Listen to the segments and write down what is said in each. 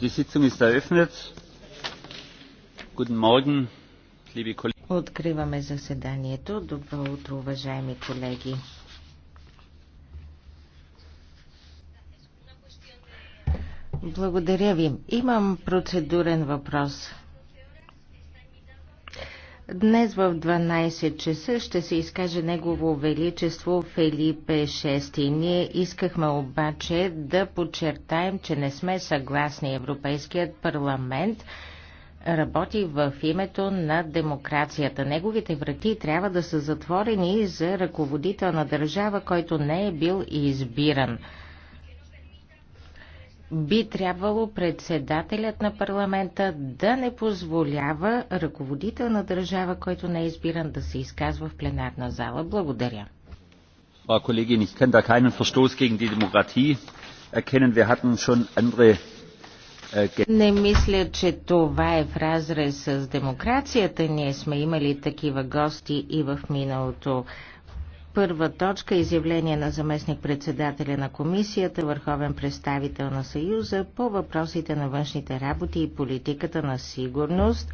Die Sitzung ist eröffnet. Guten Morgen, liebe Kollegen. Откриваме заседанието. Добро утро, уважаеми колеги. Благодаря ви. Имам процедурен въпрос. Днес в 12 часа ще се изкаже Негово Величество Фелипе VI. Ние искахме обаче да подчертаем, че не сме съгласни. Европейският парламент работи в името на демокрацията. Неговите врати трябва да са затворени за ръководител на държава, който не е бил избиран би трябвало председателят на парламента да не позволява ръководител на държава, който не е избиран да се изказва в пленарна зала. Благодаря. Frau Kollegin, ich kann da keinen Verstoß gegen die Demokratie erkennen. Wir hatten schon andere äh, не мисля, че това е в разрез с демокрацията. Ние сме имали такива гости и в миналото. Първа точка – изявление на заместник-председателя на комисията, върховен представител на Съюза по въпросите на външните работи и политиката на сигурност.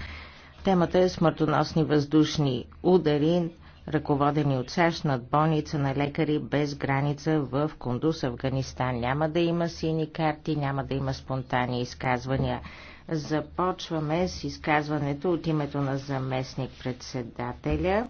Темата е смъртоносни въздушни удари, ръководени от САЩ над болница на лекари без граница в Кундус, Афганистан. Няма да има сини карти, няма да има спонтанни изказвания. Започваме с изказването от името на заместник-председателя.